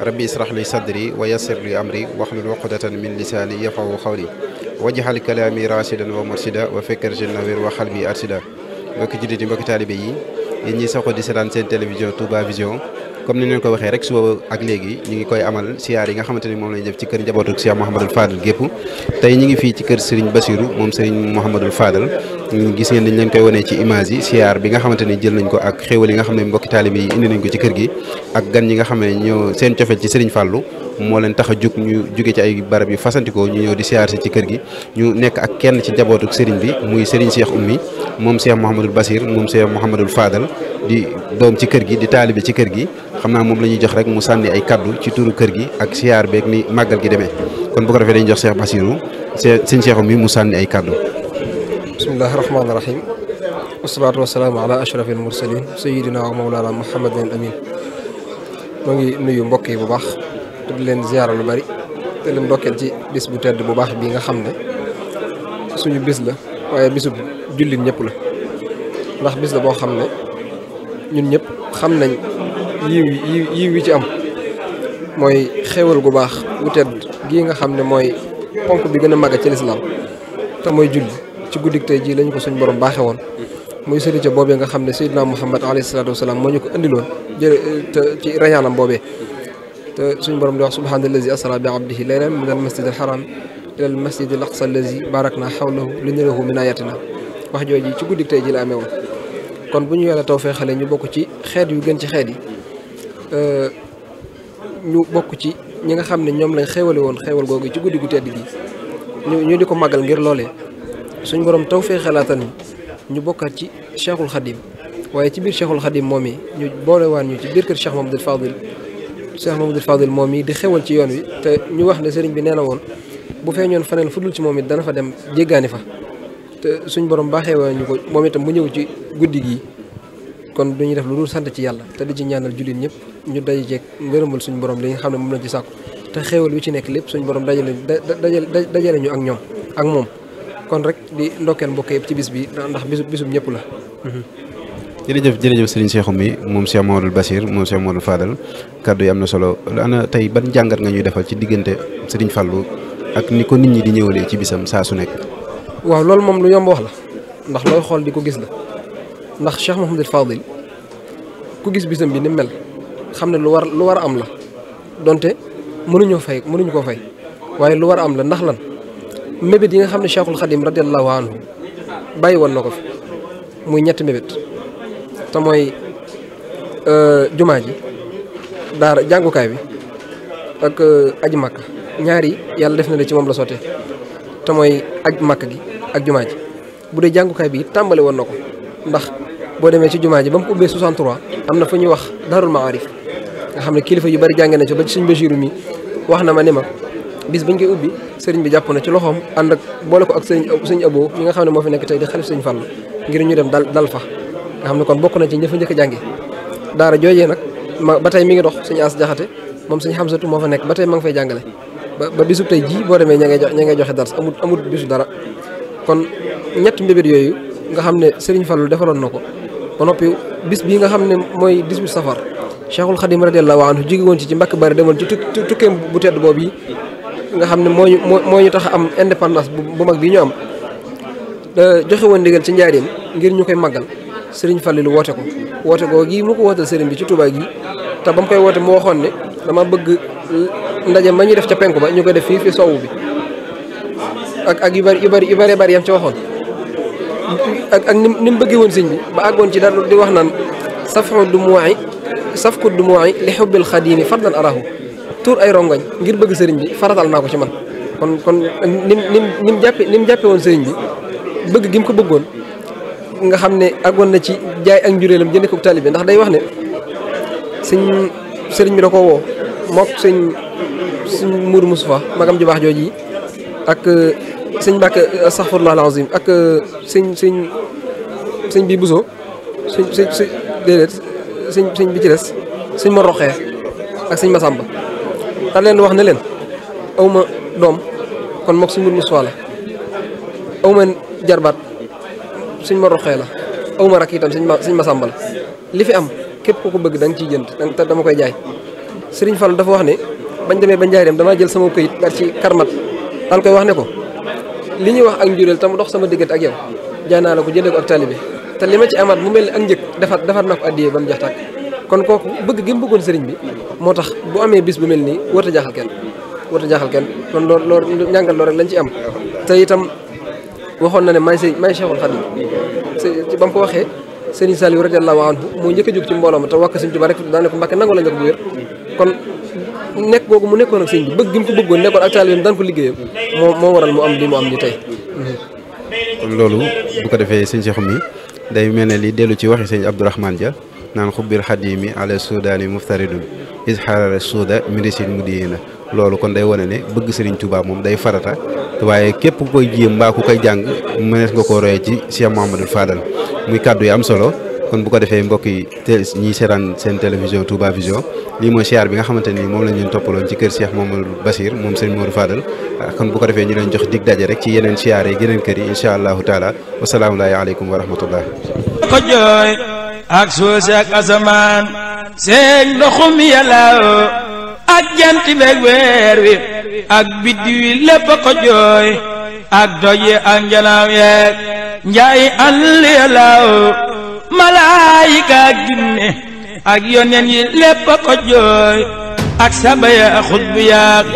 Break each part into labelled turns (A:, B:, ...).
A: rabbi israh li sadri wa yassir li amri wahlul uqdatan min lisaani yafqahu qawli wajhal kalaami rashidan wa murshida wa fekkar jël nawir wa xalbi arshida mbokki jullit yi mbokki taalibe yi yéen ñi saxoo di seetaan seen télévision Touba Vision comme ni ñu ko waxee rek suba ak léegi ñu ngi koy amal siyaar yi nga xamante ni moom lañu def ci kër njabootu Cheikh Mouhamadul Fadal gépp tey ñu ngi fii ci kër Serigne Bassirou moom Serigne Mouhamadul Fadal gis ngeen dañ leen koy wanee ci image yi siyaar bi nga xamante ni jël nañ ko ak xéewal yi ne mbokki taalib yi indi nañ ko ci kër gi ak gan ñi nga xam ne ñoo seen cofeel ci Serigne Fallou moo leen tax a jug ñu jóge ci ay barab yu fasantikoo ñu ñëw di siyaar si ci kër gi ñu nekk ak kenn ci njabootu Serigne bi muy Serigne Cheikh Oumy moom Cheikh Mouhamadul Bassir moom Cheikh Mouhamadul Fadal di doom ci kër gi di taalibe ci kër gi xam naa moom la ñuy jox rek mu sànni ay kaddu ci turu kër gi ak siyaar beek ni màggal gi demee kon bu ko defee dañuy jox Cheikh Bassirou sëñ Cheikh mi mu sànni ay kaddu.
B: bismillahi rahmaani rahim. wasalaatu wasalaam ala ashrafil mursalin sayidina wa mawlana muhammadin amin moo ngi nuyu mbokk yi bu baax te di leen ziyaara lu bari te leen ndokkeel ci bis bu tedd bu baax bii nga xam ne suñu bis la waaye bisub jullit ñépp la ndax bis la boo xam ne ñun xam nañ yiw yiw yiw yi ci am mooy xéewal gu baax gu tedd gii nga xam ne mooy ponk bi gën a màgg ci lislaam te mooy julli ci guddik tey jii lañu ko suñ borom baaxe woon muy sëri ca boobee nga xam ne Seydina Muhammad alayhi salaatu wasalaam moo ñu ko indiloon jërë te ci rañaanam boobee te suñ borom di wax subhaana allazi asra bi abdihi laylan min al masjid al haram ila al masjid al aqsa allazi barak naa xawlahu li nuriyahu min ayatina wax jooju ci guddik tey jii la amee woon kon bu ñu yàlla tawfeexalee ñu bokk ci xeet yu gën ci xeet yi Euh, ñu bokk ci ñi nga xam ne ñoom lañ xéewale woon xewal googu ci guddi gu tedd gi ñu ñu di ko magal ngir loole suñ borom taw fee xalaata ni ñu bokkaat ci cheikhul xadim waaye ci biir cheikhul xadim moom yi ñu boolewaan ñu ci biir kër cheikh mamadul fadil cheikh di fadil moom yi di xewal ci yoon wi te ñu wax ne sëriñ bi nee na woon bu feeñoon faneen fudul ci moom it dana fa dem jéggaani fa te suñ borom baaxee woon ñu ko moom itam mu ñëw ci guddi gi kon duñu def lu dul sant ci yàlla te di ci ñaanal jullit ñëpp ñu daje ceeg ngërëmal suñu borom li nga xam ne moom lañ ci sàkku te xéewal bi ci nekk lépp suñu borom dajale dajale ñu ak ñoom ak moom kon rek di ndokkeel mbokk yëpp ci bis bi ndax bisu bisub ñëpp la mhm.
A: jërëjëf jërëjëf sëriñ Cheikhou mi moom Cheikh Mamadou Bassir moom Cheikh Mamadou faadal kàddu yi am na solo ana tey ban jàngat nga ñuy defal ci diggante sëriñ Fallou ak ni ko nit ñi di ñëwalee ci bisam saa su nekk
B: waaw loolu moom lu yomb wax la ndax looy xool di ko gis la ndax Cheikh Mouhamadul Fadil ku gis bisam bi ni mel xam ne lu war lu war a am la donte mënuñoo fay mënuñu koo fay waaye lu war a am la ndax lan mébét yi nga xam ne Cheikhul Khadim radiallahu anhu bàyyi woon na ko fi muy ñetti mébét te mooy euh, jumaa ji daar jàngukaay bi ak euh, aji màkka ñaari yàlla def na ne ci moom la sottee te mooy aj màkk gi ak jumaa ji bu dee jàngukaay bi tàmbali woon na ko ndax boo demee ci jumaa ji ba mu ko ubbee 63 am na fu ñuy wax darul maarif nga kilifa yu bari jàngee na ci ba ci sëñ Basiru mi wax na ma ni ma bis bañ koy ubbi sëriñ bi jàpp ci loxoom ànd ak boole ko ak sëriñ sëriñ Abo nga xam ne moo fi nekk tey di xalif sëriñ Fall ngir ñu dem dal dal fa nga xam ne kon bokk na ci ñëfa njëkk a jànge daara joojee nag ma ba tey mi ngi dox sëñ As Jaxate moom sëñ Xamsatu moo fa nekk ba tey ma ngi fay jàngale ba bisub tey ji boo demee ña ngay ña ngay joxe dars amut amut bisu dara kon ñett mbébét yooyu nga xam ne sëriñ Fallu defaloon na ko ba noppi bis bii nga xam ne mooy 18 safar cheikhul xadim la anhu jóge woon ci ci mbàkk bari demoon ci tukkeem bu tedd boobu yi nga xam ne moo ñu moo ñu tax a am indépendance bu mag bi ñu am joxe woon ndigal ci njaariñ ngir ñu koy màggal sëriñ lu woote ko woote koo gii mu ko wootal sëriñ bi ci Touba gi te ba mu koy woote mu waxoon ne dama bëgg ndaje ma ñu def ca penku ba ñu ko def fii fi sowu bi ak ak yu bari yu bari yu bari bari yam ci waxoon ak ak ni mu bëggee woon sëñ bi ba àggoon ci dara di wax naan safxu du muwaay saf ku du muwaay li xubbil xadiimi fadlan arahu tuur ay rongoñ ngir bëgg sëriñ bi faratal naa ko ci man kon kon ni mu mu jàppe ni mu woon sëriñ bi bëgg gi mu ko bëggoon nga xam ne àggoon na ci jaay ak njuréelam jënd ko taalibe ndax day wax ne sëñ sëriñ bi da ko woo mook sëñ sëñ Mourou Moustapha magam ju baax jooji ak sëñ Mbàkke euh, astaghfirullah alazim ak euh, sëñ sëñ sëñ bi Buso sëñ sëñ bi ci des sëñ ma roxee ak sëñ Masamba daal leen wax ne leen awma doom kon mook sëñ mur Musaa la awma jarbaat sëñ ma roxee la awma rak itam ma Masamba la li fi am képp ku ko bëgg da nga ciy jënd te dama koy jaay Sëriñ Fall dafa wax ne bañ demee ba njaareem damaa jël sama këyit daal ci karmat daal koy wax ne ko li ñuy wax ak njuréel tam dox sama diggante ak yow jaay naa la ko jële ko ak taalibe te li ma ci amaat mu mel ni ak njëkk defar defar naa ko addiyee ba mu jeex tàkk kon kooku bëgg gi mu bëggoon sëriñ bi moo tax bu amee bis bu mel nii warut a jaaxal kenn warut a kenn kon loolu loolu ñàngal loolu rek lañ ci am te itam waxoon na ne may sëriñ may Cheikhul Khadim ci ba mu ko waxee sëriñ Saliou radiyallahu anhu moo njëkk a jóg ci mbooloo ma te wàkk sëriñ Tuubaa rek daane ko Mbàkke nangu la ko bu wér nekk googu mu nekkoon ak sëñ bi bëgg mu ko bëggoon nekkoon ak taalibeem daan ko liggéeyam moo moo waral mu am li mu am tey.
A: kon loolu bu ko defee sëñ Cheikh mi day mel ne li dellu ci waxi sëñ Abdourahmane Dia naan xubbir xadimi ala sudaani muftaridun isxaarare suuda médecine mu diyee na loolu kon day wane ne bëgg sëriñ Touba moom day farata waaye képp ku koy jiyee mbaa ku koy jàng mënees nga koo royee ci Cheikh Mouhamadou Fadal muy kàddu yi am solo. kon bu ko defee mbokk yi te ñiy seetaan seen télévision Touba Vision lii mooy siyaar bi nga xamante ni moom la ñu toppaloon ci kër Cheikh Mamadou Bassir moom sëñ Modou Fadal ah, kon bu ko defee ñu leen jox dig daje rek ci yeneen siyaar yi yeneen kër yi incha allahu taala wasalaamu aleykum wa ko
C: jooy ak suuf si ak asamaan seen ndoxum yàlla ak jant beeg weer wi ak biddi wi lépp ko jooy ak doj yi ak njanaaw yeeg njaayi àll yalaaw malaayika ak yon ak yi lépp ko jooy ak sabaya xutbu yaag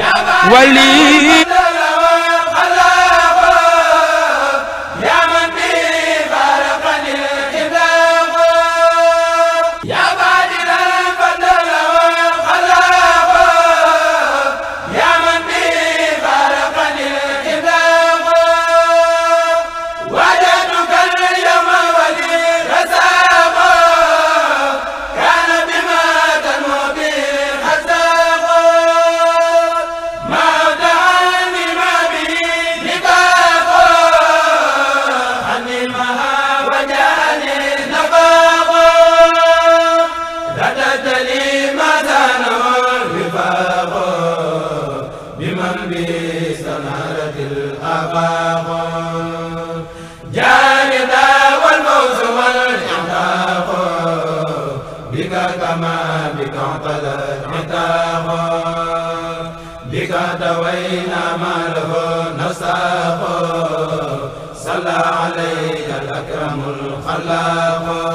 C: wali عتاقا بك كما بك اعتدت عتاقا بك دوينا ما له نساق صلى عليك الأكرم الخلاق